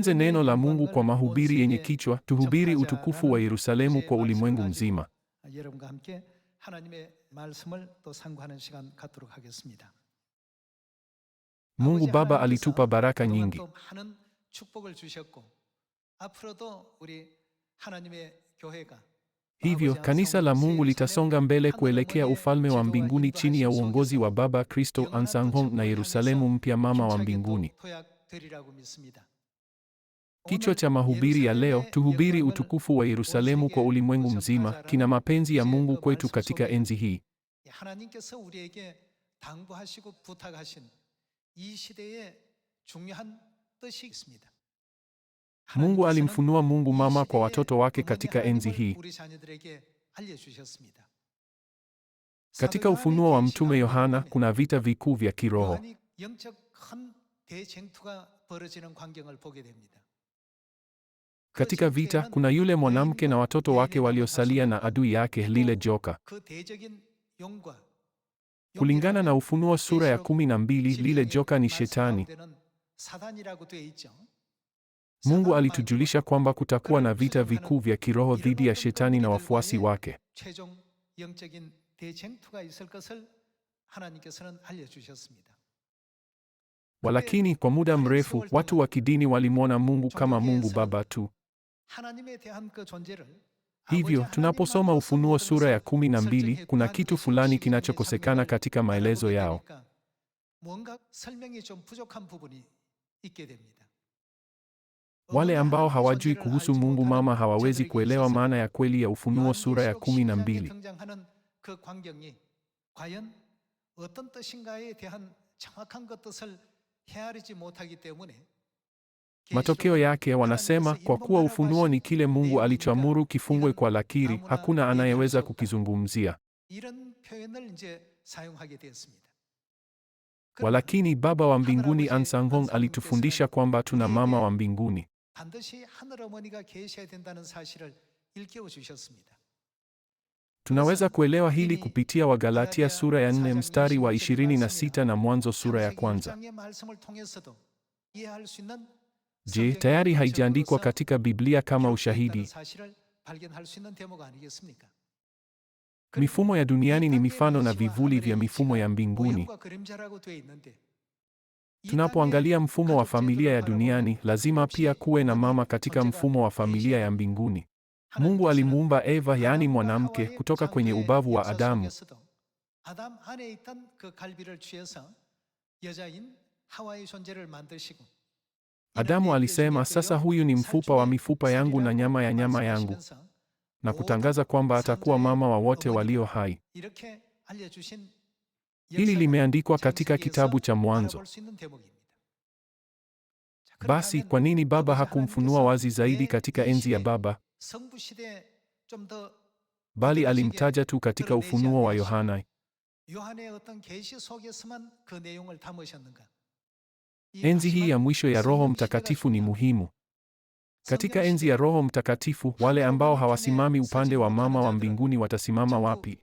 Tujifunze neno la Mungu kwa mahubiri yenye kichwa tuhubiri utukufu wa Yerusalemu kwa ulimwengu mzima. Mungu Baba alitupa baraka nyingi. Hivyo kanisa la Mungu litasonga mbele kuelekea ufalme wa mbinguni chini ya uongozi wa Baba Kristo An na Yerusalemu mpya mama wa mbinguni. Kichwa cha mahubiri ya leo, tuhubiri utukufu wa Yerusalemu kwa ulimwengu mzima, kina mapenzi ya Mungu kwetu katika enzi hii. Mungu alimfunua Mungu Mama kwa watoto wake katika enzi hii. Katika ufunuo wa Mtume Yohana kuna vita vikuu vya kiroho. Katika vita kuna yule mwanamke na watoto wake waliosalia na adui yake lile joka. Kulingana na Ufunuo sura ya kumi na mbili, lile joka ni Shetani. Mungu alitujulisha kwamba kutakuwa na vita vikuu vya kiroho dhidi ya Shetani na wafuasi wake. Walakini kwa muda mrefu watu wa kidini walimwona Mungu kama Mungu Baba tu. Hivyo tunaposoma Ufunuo sura ya kumi na mbili kuna kitu fulani kinachokosekana katika maelezo yao. Wale ambao hawajui kuhusu Mungu Mama hawawezi kuelewa maana ya kweli ya Ufunuo sura ya kumi na mbili. Matokeo yake wanasema, kwa kuwa ufunuo ni kile Mungu alichoamuru kifungwe kwa lakiri, hakuna anayeweza kukizungumzia. Walakini Baba wa mbinguni Ahnsahnghong alitufundisha kwamba tuna mama wa mbinguni. Tunaweza kuelewa hili kupitia Wagalatia sura ya 4 mstari wa 26 na Mwanzo sura ya kwanza. Je, tayari haijaandikwa katika Biblia kama ushahidi? Mifumo ya duniani ni mifano na vivuli vya mifumo ya mbinguni. Tunapoangalia mfumo wa familia ya duniani, lazima pia kuwe na mama katika mfumo wa familia ya mbinguni. Mungu alimuumba Eva, yaani mwanamke, kutoka kwenye ubavu wa Adamu. Adamu alisema, sasa huyu ni mfupa wa mifupa yangu na nyama ya nyama yangu, na kutangaza kwamba atakuwa mama wa wote walio hai. Hili limeandikwa katika kitabu cha Mwanzo. Basi kwa nini Baba hakumfunua wazi zaidi katika enzi ya Baba, bali alimtaja tu katika ufunuo wa Yohana? Enzi hii ya mwisho ya Roho Mtakatifu ni muhimu. Katika enzi ya Roho Mtakatifu, wale ambao hawasimami upande wa Mama wa mbinguni watasimama wapi?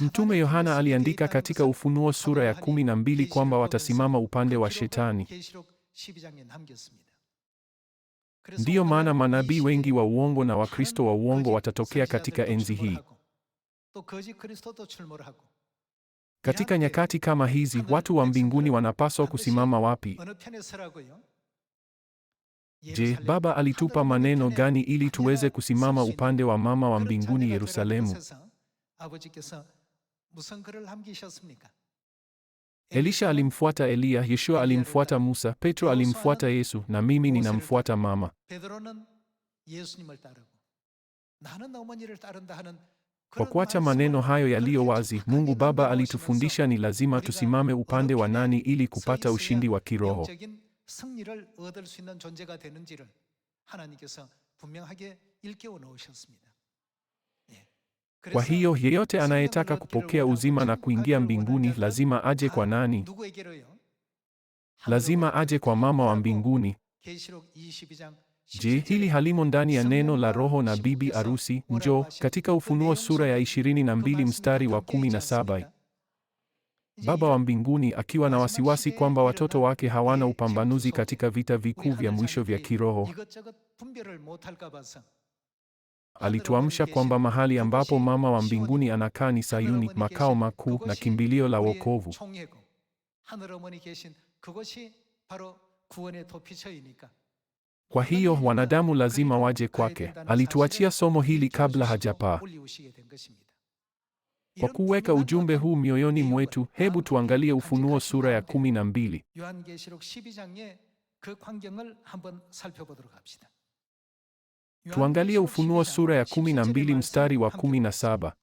Mtume Yohana aliandika katika Ufunuo sura ya kumi na mbili kwamba watasimama upande wa Shetani. Ndiyo maana manabii wengi wa uongo na Wakristo wa uongo watatokea katika enzi hii. Katika nyakati kama hizi, watu wa mbinguni wanapaswa kusimama wapi? Je, Baba alitupa maneno gani ili tuweze kusimama upande wa Mama wa mbinguni Yerusalemu? Elisha alimfuata Eliya, Yeshua alimfuata Musa, Petro alimfuata Yesu na mimi ninamfuata Mama. Kwa kuacha maneno hayo yaliyo wazi, Mungu Baba alitufundisha ni lazima tusimame upande wa nani ili kupata ushindi wa kiroho. Kwa hiyo yeyote anayetaka kupokea uzima na kuingia mbinguni lazima aje kwa nani? Lazima aje kwa Mama wa mbinguni. Je, hili halimo ndani ya neno la Roho na bibi arusi? Njoo katika Ufunuo sura ya 22 mstari wa 17. Baba wa mbinguni akiwa na wasiwasi kwamba watoto wake hawana upambanuzi katika vita vikuu vya mwisho vya kiroho, alituamsha kwamba mahali ambapo mama wa mbinguni anakaa ni Sayuni, makao makuu na kimbilio la wokovu. Kwa hiyo wanadamu lazima waje kwake. Alituachia somo hili kabla hajapaa. Kwa kuweka ujumbe huu mioyoni mwetu, hebu tuangalie Ufunuo sura ya kumi na mbili. Tuangalie Ufunuo sura ya kumi na mbili mstari wa kumi na saba.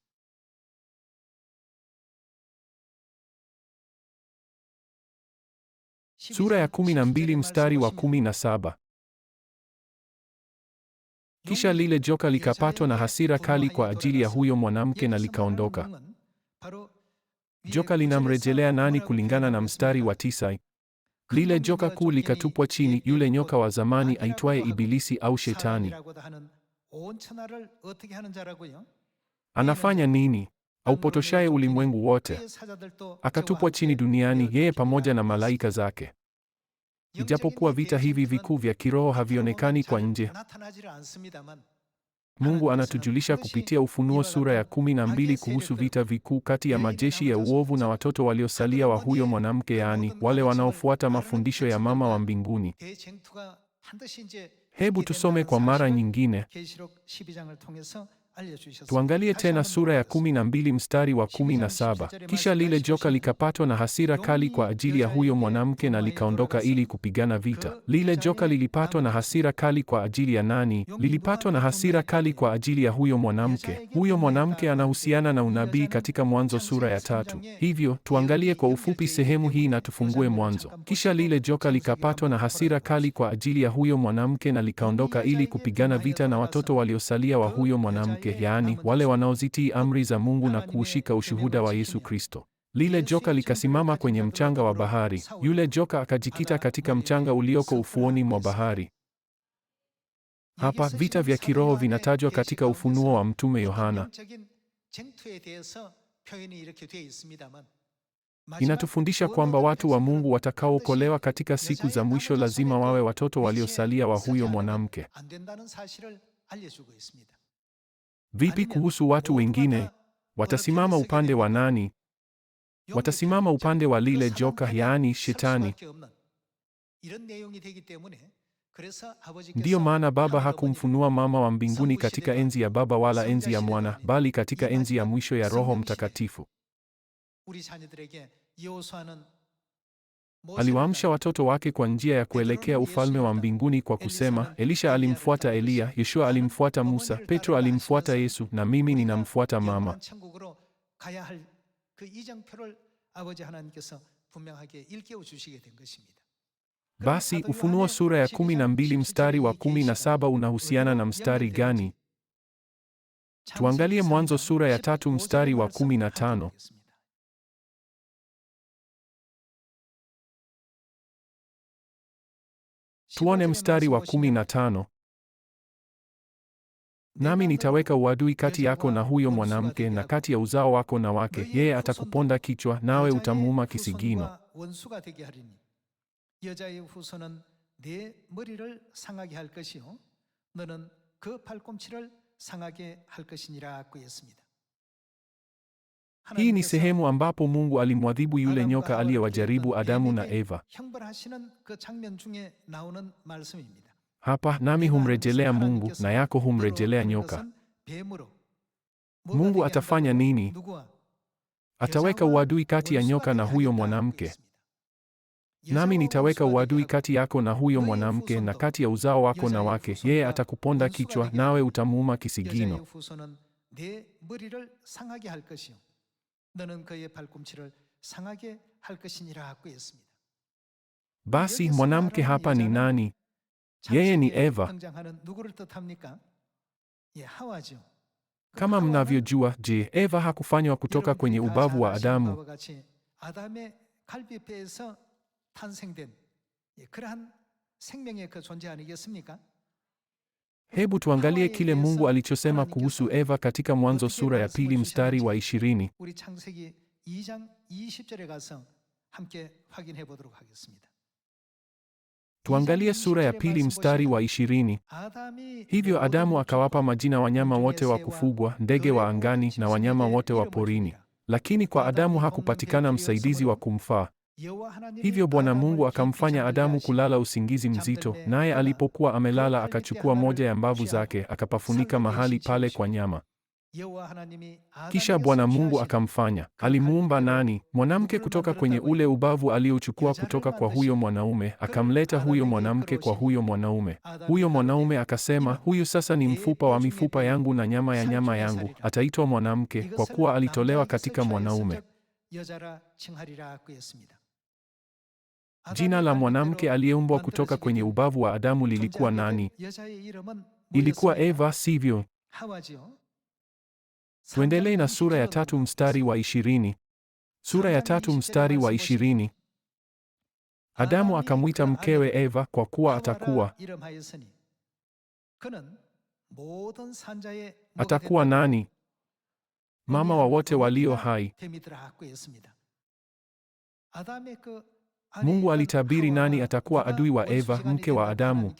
Sura ya kumi na mbili mstari wa kumi na saba. Kisha lile joka likapatwa na hasira kali kwa ajili ya huyo mwanamke na likaondoka. Joka linamrejelea nani kulingana na mstari wa tisa? Lile joka kuu likatupwa chini, yule nyoka wa zamani aitwaye Ibilisi au Shetani. Anafanya nini? Aupotoshaye ulimwengu wote. Akatupwa chini duniani, yeye pamoja na malaika zake. Ijapokuwa vita hivi vikuu vya kiroho havionekani kwa nje, Mungu anatujulisha kupitia Ufunuo sura ya kumi na mbili kuhusu vita vikuu kati ya majeshi ya uovu na watoto waliosalia wa huyo mwanamke, yaani wale wanaofuata mafundisho ya Mama wa Mbinguni. Hebu tusome kwa mara nyingine. Tuangalie tena sura ya kumi na mbili mstari wa kumi na saba kisha lile joka likapatwa na hasira kali kwa ajili ya huyo mwanamke na likaondoka ili kupigana vita. Lile joka lilipatwa na hasira kali kwa ajili ya nani? Lilipatwa na hasira kali kwa ajili ya huyo mwanamke. Huyo mwanamke anahusiana na unabii katika Mwanzo sura ya tatu. Hivyo tuangalie kwa ufupi sehemu hii na tufungue Mwanzo. Kisha lile joka likapatwa na hasira kali kwa ajili ya huyo mwanamke na likaondoka ili kupigana vita na watoto waliosalia wa huyo mwanamke wake, yaani wale wanaozitii amri za Mungu na kuushika ushuhuda wa Yesu Kristo. Lile joka likasimama kwenye mchanga wa bahari. Yule joka akajikita katika mchanga ulioko ufuoni mwa bahari. Hapa vita vya kiroho vinatajwa katika ufunuo wa Mtume Yohana. Inatufundisha kwamba watu wa Mungu watakaookolewa katika siku za mwisho lazima wawe watoto waliosalia wa huyo mwanamke. Vipi kuhusu watu wengine? Watasimama upande wa nani? Watasimama upande wa lile joka, yaani Shetani. Ndiyo maana Baba hakumfunua Mama wa mbinguni katika enzi ya Baba wala enzi ya Mwana, bali katika enzi ya mwisho ya Roho Mtakatifu. Aliwaamsha watoto wake kwa njia ya kuelekea ufalme wa mbinguni kwa kusema, Elisha alimfuata Eliya, yeshua alimfuata Musa, Petro alimfuata Yesu na mimi ninamfuata mama. Basi Ufunuo sura ya kumi na mbili mstari wa kumi na saba unahusiana na mstari gani? Tuangalie Mwanzo sura ya tatu mstari wa kumi na tano. Tuone mstari wa kumi na tano. Nami nitaweka uadui kati yako na huyo mwanamke na kati ya uzao wako na wake, yeye atakuponda kichwa nawe utamuuma kisigino. Hii ni sehemu ambapo Mungu alimwadhibu yule nyoka aliyewajaribu Adamu na Eva. Hapa nami humrejelea Mungu na yako humrejelea nyoka. Mungu atafanya nini? Ataweka uadui kati ya nyoka na huyo mwanamke. Nami nitaweka uadui kati yako na huyo mwanamke na kati ya uzao wako na wake. Yeye atakuponda kichwa nawe utamuuma kisigino. 너는 그의 발꿈치를 상하게 할 것이니라 하였습니다. Basi mwanamke hapa ni nani? Yeye ni Eva. Kama mnavyojua, je, Eva hakufanywa kutoka kwenye ubavu wa Adamu? Hebu tuangalie kile Mungu alichosema kuhusu Eva katika Mwanzo sura ya pili mstari wa ishirini. Tuangalie sura ya pili mstari wa ishirini. Hivyo Adamu akawapa majina wanyama wote wa kufugwa, ndege wa angani na wanyama wote wa porini. Lakini kwa Adamu hakupatikana msaidizi wa kumfaa. Hivyo Bwana Mungu akamfanya Adamu kulala usingizi mzito, naye alipokuwa amelala akachukua moja ya mbavu zake akapafunika mahali pale kwa nyama. Kisha Bwana Mungu akamfanya. Alimuumba nani? Mwanamke kutoka kwenye ule ubavu aliochukua kutoka kwa huyo mwanaume, akamleta huyo mwanamke kwa huyo mwanaume. Huyo mwanaume akasema, huyu sasa ni mfupa wa mifupa yangu na nyama ya nyama yangu, ataitwa mwanamke, kwa kuwa alitolewa katika mwanaume. Jina la mwanamke aliyeumbwa kutoka kwenye ubavu wa Adamu lilikuwa nani? Ilikuwa Eva, sivyo? Tuendelee na sura ya tatu mstari wa ishirini. Sura ya tatu mstari wa ishirini. Adamu akamwita mkewe Eva kwa kuwa atakuwa atakuwa nani? Mama wa wote walio hai. Mungu alitabiri nani atakuwa adui wa Eva, mke wa Adamu?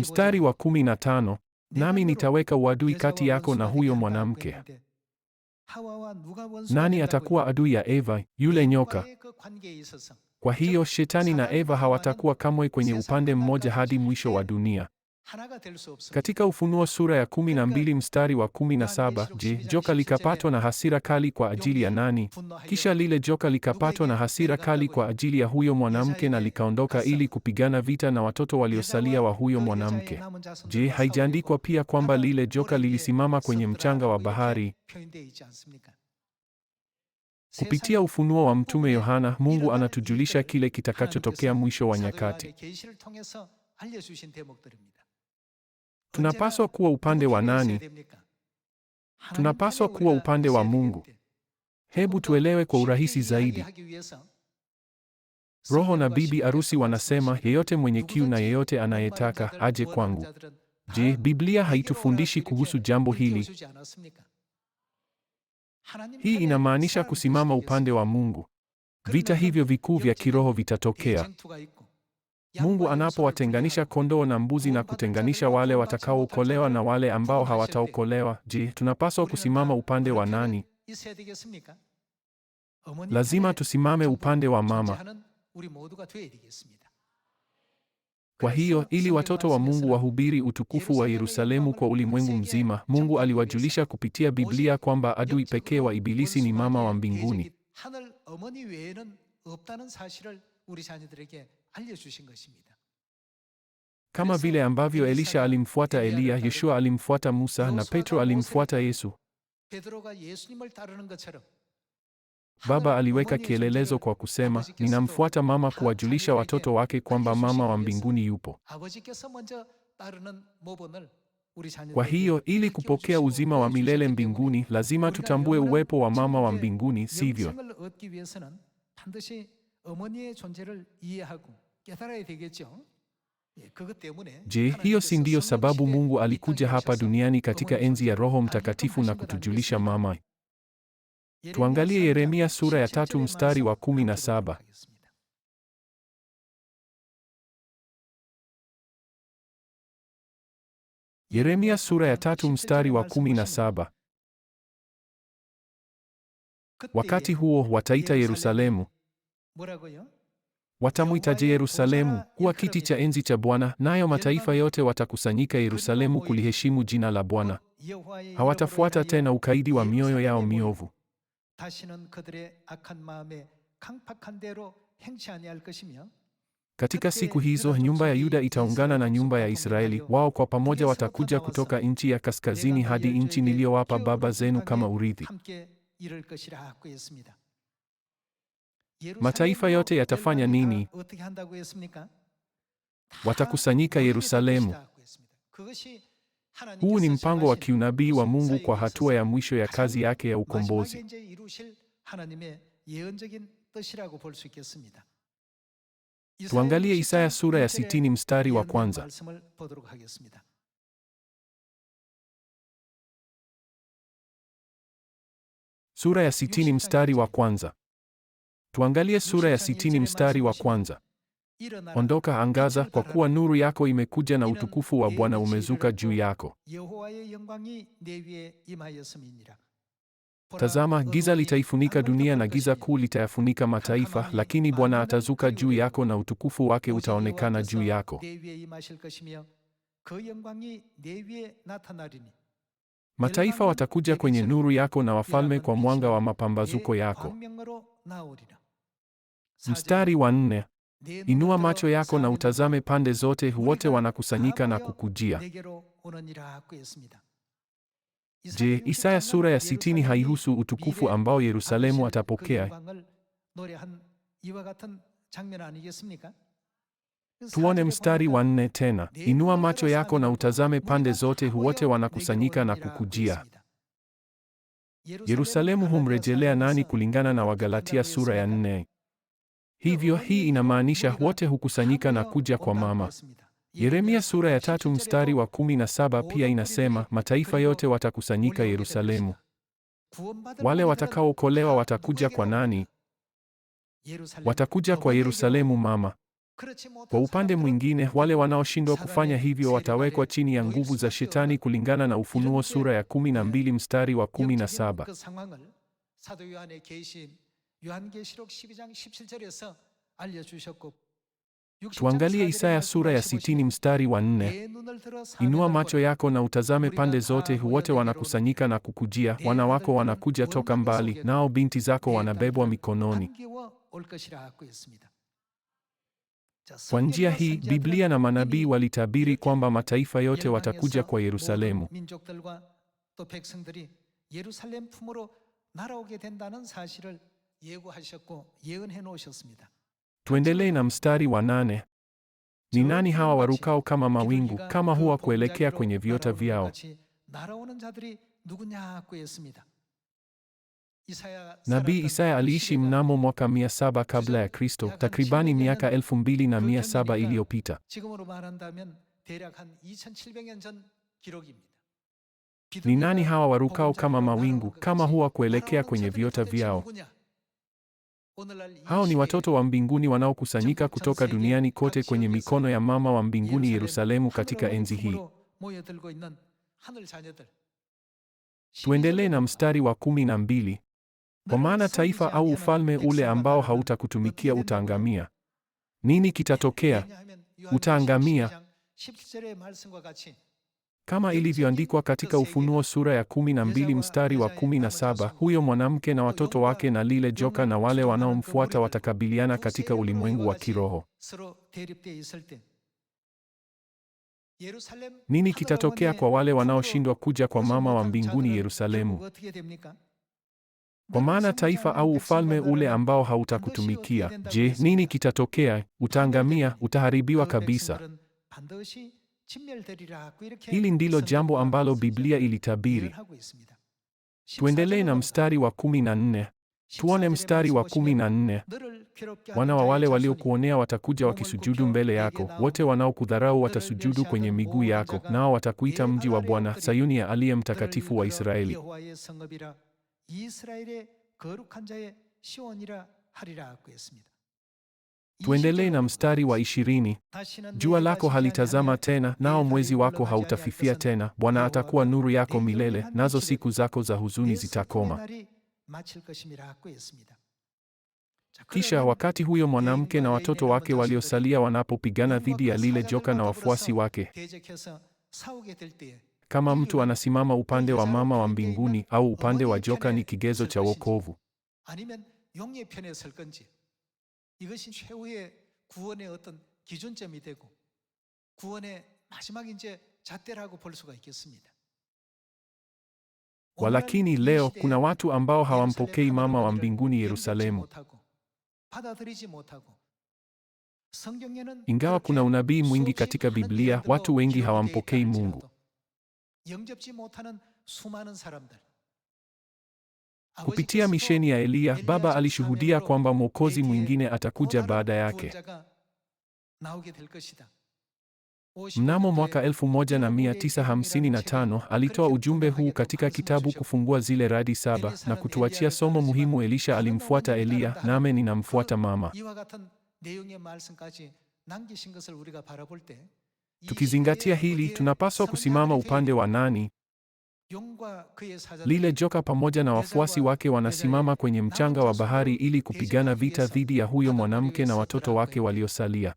Mstari wa kumi na tano, nami nitaweka uadui kati yako na huyo mwanamke. Nani atakuwa adui ya Eva? Yule nyoka. Kwa hiyo shetani na Eva hawatakuwa kamwe kwenye upande mmoja hadi mwisho wa dunia. Katika Ufunuo sura ya kumi na mbili mstari wa kumi na saba je, joka likapatwa na hasira kali kwa ajili ya nani? Kisha lile joka likapatwa na hasira kali kwa ajili ya huyo mwanamke na likaondoka ili kupigana vita na watoto waliosalia wa huyo mwanamke. Je, haijaandikwa pia kwamba lile joka lilisimama kwenye mchanga wa bahari? Kupitia ufunuo wa mtume Yohana, Mungu anatujulisha kile kitakachotokea mwisho wa nyakati. Tunapaswa kuwa upande wa nani? Tunapaswa kuwa upande wa Mungu. Hebu tuelewe kwa urahisi zaidi. Roho na bibi arusi wanasema, yeyote mwenye kiu na yeyote anayetaka aje kwangu. Je, Biblia haitufundishi kuhusu jambo hili? Hii inamaanisha kusimama upande wa Mungu. Vita hivyo vikuu vya kiroho vitatokea. Mungu anapowatenganisha kondoo na mbuzi na kutenganisha wale watakaookolewa na wale ambao hawataokolewa, je, tunapaswa kusimama upande wa nani? Lazima tusimame upande wa mama. Kwa hiyo ili watoto wa Mungu wahubiri utukufu wa Yerusalemu kwa ulimwengu mzima, Mungu aliwajulisha kupitia Biblia kwamba adui pekee wa Ibilisi ni mama wa mbinguni. Kama vile ambavyo Elisha alimfuata Eliya, Yeshua alimfuata Musa na Petro alimfuata Yesu. Baba aliweka kielelezo kwa kusema, ninamfuata mama kuwajulisha watoto wake kwamba mama wa mbinguni yupo. Kwa hiyo ili kupokea uzima wa milele mbinguni, lazima tutambue uwepo wa mama wa mbinguni, sivyo? Je, hiyo si ndiyo sababu Mungu alikuja hapa duniani katika enzi ya Roho Mtakatifu na kutujulisha mama? Tuangalie Yeremia sura ya tatu mstari wa kumi na saba. Yeremia sura ya tatu mstari wa kumi na saba. Wakati huo wataita Yerusalemu Watamwitaje Yerusalemu kuwa kiti cha enzi cha Bwana, nayo mataifa yote watakusanyika Yerusalemu kuliheshimu jina la Bwana. Hawatafuata tena ukaidi wa mioyo yao miovu. Katika siku hizo nyumba ya Yuda itaungana na nyumba ya Israeli, wao kwa pamoja watakuja kutoka nchi ya kaskazini hadi nchi niliyowapa baba zenu kama urithi. Mataifa yote yatafanya nini? Watakusanyika Yerusalemu. Huu ni mpango wa kiunabii wa Mungu kwa hatua ya mwisho ya kazi yake ya ukombozi. Tuangalie Isaya sura ya sitini mstari wa kwanza. Sura ya sitini mstari wa kwanza. Tuangalie sura ya sitini mstari wa kwanza. Ondoka, angaza, kwa kuwa nuru yako imekuja na utukufu wa Bwana umezuka juu yako. Tazama, giza litaifunika dunia na giza kuu litayafunika mataifa, lakini Bwana atazuka juu yako na utukufu wake utaonekana juu yako. Mataifa watakuja kwenye nuru yako na wafalme kwa mwanga wa mapambazuko yako. Mstari wa nne. Inua macho yako na utazame pande zote, wote wanakusanyika na kukujia. Je, Isaya sura ya sitini haihusu utukufu ambao Yerusalemu atapokea? Tuone mstari wa nne tena. Inua macho yako na utazame pande zote, wote wanakusanyika na kukujia. Yerusalemu humrejelea nani kulingana na Wagalatia sura ya nne? Hivyo hii inamaanisha wote hukusanyika na kuja kwa mama. Yeremia sura ya tatu mstari wa kumi na saba pia inasema mataifa yote watakusanyika Yerusalemu. Wale watakaookolewa watakuja kwa nani? Watakuja kwa Yerusalemu mama. Kwa upande mwingine, wale wanaoshindwa kufanya hivyo watawekwa chini ya nguvu za Shetani kulingana na Ufunuo sura ya 12 mstari wa 17. 요한계시록 12장 17절에서 알려주셨고 Tuangalie Isaya sura ya sitini mstari wa nne. Inua macho yako na utazame pande zote, wote wanakusanyika na kukujia, wanawako wanakuja toka mbali, nao binti zako wanabebwa mikononi. Kwa njia hii, Biblia na manabii walitabiri kwamba mataifa yote watakuja kwa Yerusalemu. Tuendelee na mstari wa nane. Ni nani hawa warukao kama mawingu kama huwa kuelekea kwenye viota vyao? Nabii Isaya aliishi mnamo mwaka 700 kabla ya Kristo, takribani miaka 2700 iliyopita. Ni nani hawa warukao kama mawingu kama huwa kuelekea kwenye viota vyao? Hao ni watoto wa mbinguni wanaokusanyika kutoka duniani kote kwenye mikono ya mama wa mbinguni Yerusalemu katika enzi hii. Tuendelee na mstari wa kumi na mbili. Kwa maana taifa au ufalme ule ambao hautakutumikia utaangamia. Nini kitatokea? Utaangamia. Kama ilivyoandikwa katika Ufunuo sura ya kumi na mbili mstari wa kumi na saba huyo mwanamke na watoto wake na lile joka na wale wanaomfuata watakabiliana katika ulimwengu wa kiroho. Nini kitatokea kwa wale wanaoshindwa kuja kwa mama wa mbinguni Yerusalemu? Kwa maana taifa au ufalme ule ambao hautakutumikia, je, nini kitatokea? Utaangamia, utaharibiwa kabisa. Hili ndilo jambo ambalo Biblia ilitabiri. Tuendelee na mstari wa kumi na nne. Tuone mstari wa kumi na nne. Wana wa wale waliokuonea watakuja wakisujudu mbele yako, wote wanaokudharau watasujudu kwenye miguu yako, nao watakuita mji wa Bwana, Sayuni ya aliye mtakatifu wa Israeli. Tuendelee na mstari wa ishirini. Jua lako halitazama tena, nao mwezi wako hautafifia tena. Bwana atakuwa nuru yako milele, nazo siku zako za huzuni zitakoma. Kisha wakati huyo mwanamke na watoto wake waliosalia wanapopigana dhidi ya lile joka na wafuasi wake, kama mtu anasimama upande wa mama wa mbinguni au upande wa joka, ni kigezo cha wokovu. 이것이 최후의 구원의 어떤 기준점이 되고 구원의 마지막 이제 잣대라고 볼 수가 있겠습니다. Walakini leo kuna watu ambao hawampokei mama wa mbinguni Yerusalemu. Ingawa kuna unabii mwingi katika Biblia, watu wengi hawampokei Mungu. Kupitia misheni ya Eliya, Baba alishuhudia kwamba mwokozi mwingine atakuja baada yake. Mnamo mwaka 1955 alitoa ujumbe huu katika kitabu Kufungua Zile Radi Saba na kutuachia somo muhimu: Elisha alimfuata Eliya, nami ninamfuata mama. Tukizingatia hili, tunapaswa kusimama upande wa nani? Lile joka pamoja na wafuasi wake wanasimama kwenye mchanga wa bahari ili kupigana vita dhidi ya huyo mwanamke na watoto wake waliosalia.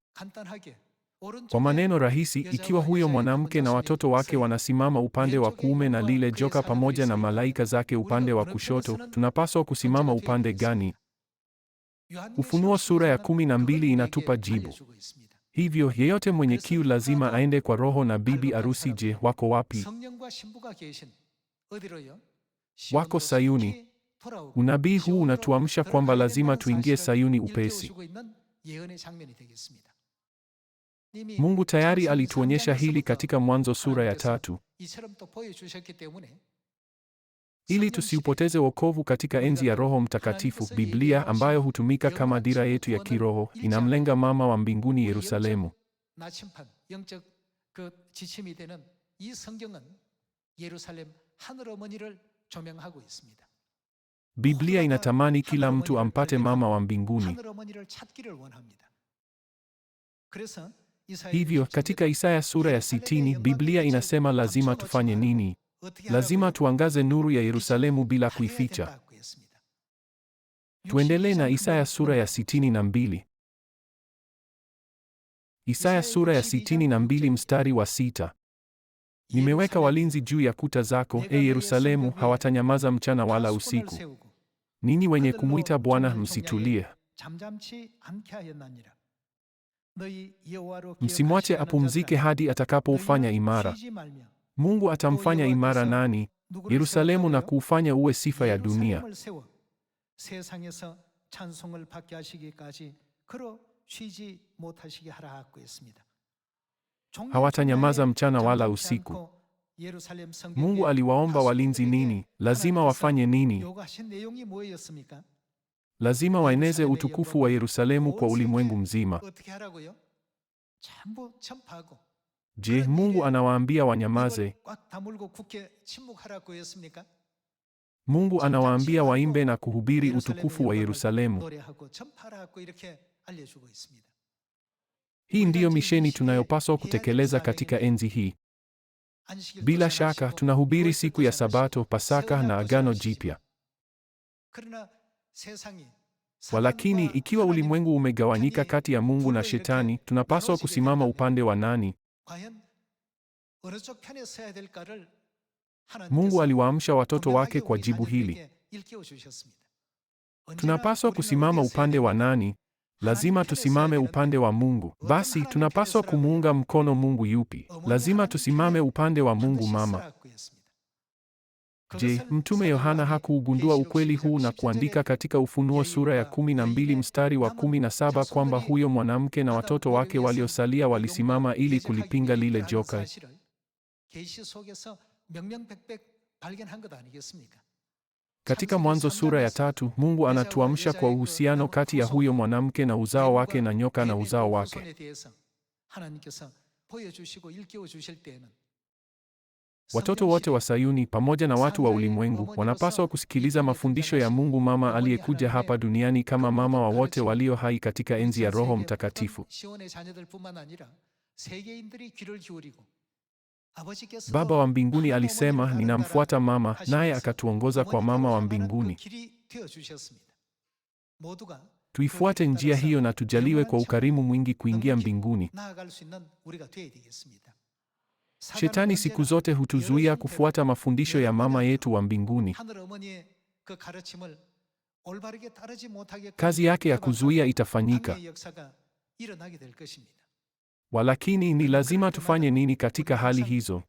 Kwa maneno rahisi, ikiwa huyo mwanamke na watoto wake wanasimama upande wa kuume na lile joka pamoja na malaika zake upande wa kushoto, tunapaswa kusimama upande gani? Ufunuo sura ya 12 inatupa jibu. Hivyo yeyote mwenye kiu lazima aende kwa Roho na bibi arusi. Je, wako wapi? Wako Sayuni. Unabii huu unatuamsha kwamba lazima tuingie Sayuni upesi. Mungu tayari alituonyesha hili katika Mwanzo sura ya tatu ili tusiupoteze wokovu katika enzi ya Roho Mtakatifu. Biblia ambayo hutumika kama dira yetu ya kiroho inamlenga mama wa mbinguni Yerusalemu. Biblia inatamani kila mtu ampate mama wa mbinguni. Hivyo katika Isaya sura ya sitini, Biblia inasema lazima tufanye nini? Lazima tuangaze nuru ya Yerusalemu bila kuificha. Tuendelee na Isaya sura ya sitini na mbili. Isaya sura ya sitini na mbili mstari wa sita. Nimeweka walinzi juu ya kuta zako, e Yerusalemu, hawatanyamaza mchana wala usiku. Ninyi wenye kumwita Bwana msitulie. Msimwache apumzike hadi atakapoufanya imara. Mungu atamfanya imara nani? Yerusalemu na kuufanya uwe sifa ya dunia. Hawatanyamaza mchana wala usiku. Mungu aliwaomba walinzi nini? Lazima wafanye nini? Lazima waeneze utukufu wa Yerusalemu kwa ulimwengu mzima. Je, Mungu anawaambia wanyamaze? Mungu anawaambia waimbe na kuhubiri utukufu wa Yerusalemu. Hii ndiyo misheni tunayopaswa kutekeleza katika enzi hii. Bila shaka tunahubiri siku ya Sabato, Pasaka na Agano Jipya. Walakini, ikiwa ulimwengu umegawanyika kati ya Mungu na Shetani, tunapaswa kusimama upande wa nani? Mungu aliwaamsha watoto wake kwa jibu hili. Tunapaswa kusimama upande wa nani? Lazima tusimame upande wa Mungu. Basi tunapaswa kumuunga mkono Mungu yupi? Lazima tusimame upande wa Mungu Mama. Je, Mtume Yohana hakuugundua ukweli huu na kuandika katika Ufunuo sura ya kumi na mbili mstari wa kumi na saba kwamba huyo mwanamke na watoto wake waliosalia walisimama ili kulipinga lile joka? Katika Mwanzo sura ya tatu, Mungu anatuamsha kwa uhusiano kati ya huyo mwanamke na uzao wake na nyoka na uzao wake. Watoto wote wa Sayuni pamoja na watu wa ulimwengu wanapaswa kusikiliza mafundisho ya Mungu Mama aliyekuja hapa duniani kama mama wa wote walio hai katika enzi ya Roho Mtakatifu. Baba wa mbinguni alisema, ninamfuata mama, naye akatuongoza kwa mama wa mbinguni. Tuifuate njia hiyo na tujaliwe kwa ukarimu mwingi kuingia mbinguni. Shetani siku zote hutuzuia kufuata mafundisho ya mama yetu wa mbinguni. Kazi yake ya kuzuia itafanyika. Walakini, ni lazima tufanye nini katika hali hizo?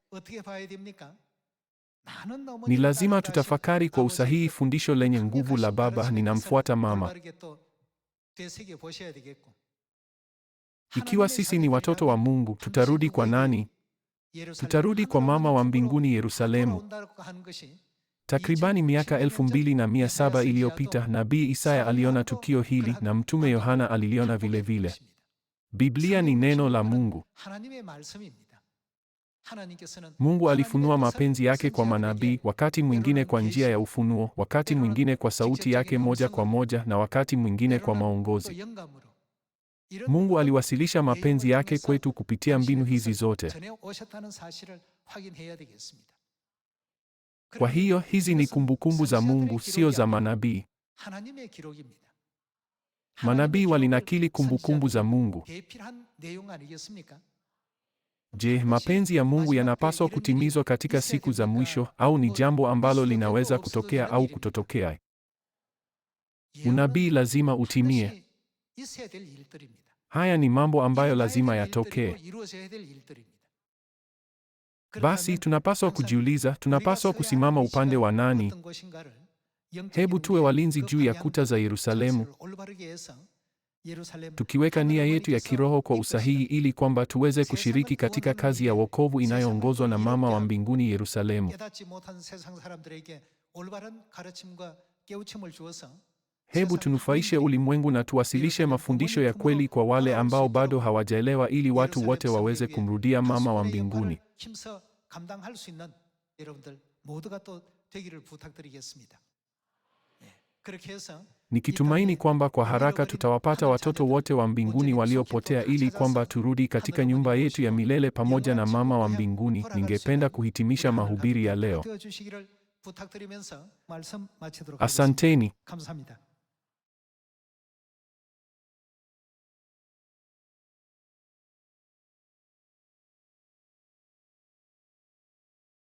Ni lazima tutafakari kwa usahihi fundisho lenye nguvu la Baba, ninamfuata mama. Ikiwa sisi ni watoto wa Mungu, tutarudi kwa nani? Tutarudi kwa mama wa mbinguni Yerusalemu. Takribani miaka elfu mbili na mia saba iliyopita nabii Isaya aliona tukio hili na mtume Yohana aliliona vilevile vile. Biblia ni neno la Mungu. Mungu alifunua mapenzi yake kwa manabii, wakati mwingine kwa njia ya ufunuo, wakati mwingine kwa sauti yake moja kwa moja, na wakati mwingine kwa maongozi. Mungu aliwasilisha mapenzi yake kwetu kupitia mbinu hizi zote. Kwa hiyo hizi ni kumbukumbu za Mungu, sio za manabii. Manabii walinakili kumbukumbu za Mungu. Je, mapenzi ya Mungu yanapaswa kutimizwa katika siku za mwisho au ni jambo ambalo linaweza kutokea au kutotokea? Unabii lazima utimie. Haya ni mambo ambayo lazima yatokee. Basi tunapaswa kujiuliza, tunapaswa kusimama upande wa nani? Hebu tuwe walinzi juu ya kuta za Yerusalemu, tukiweka nia yetu ya kiroho kwa usahihi, ili kwamba tuweze kushiriki katika kazi ya wokovu inayoongozwa na Mama wa Mbinguni Yerusalemu. Hebu tunufaishe ulimwengu na tuwasilishe mafundisho ya kweli kwa wale ambao bado hawajaelewa ili watu wote waweze kumrudia Mama wa mbinguni. Nikitumaini kwamba kwa haraka tutawapata watoto wote wa mbinguni waliopotea ili kwamba turudi katika nyumba yetu ya milele pamoja na Mama wa mbinguni. Ningependa kuhitimisha mahubiri ya leo. Asanteni.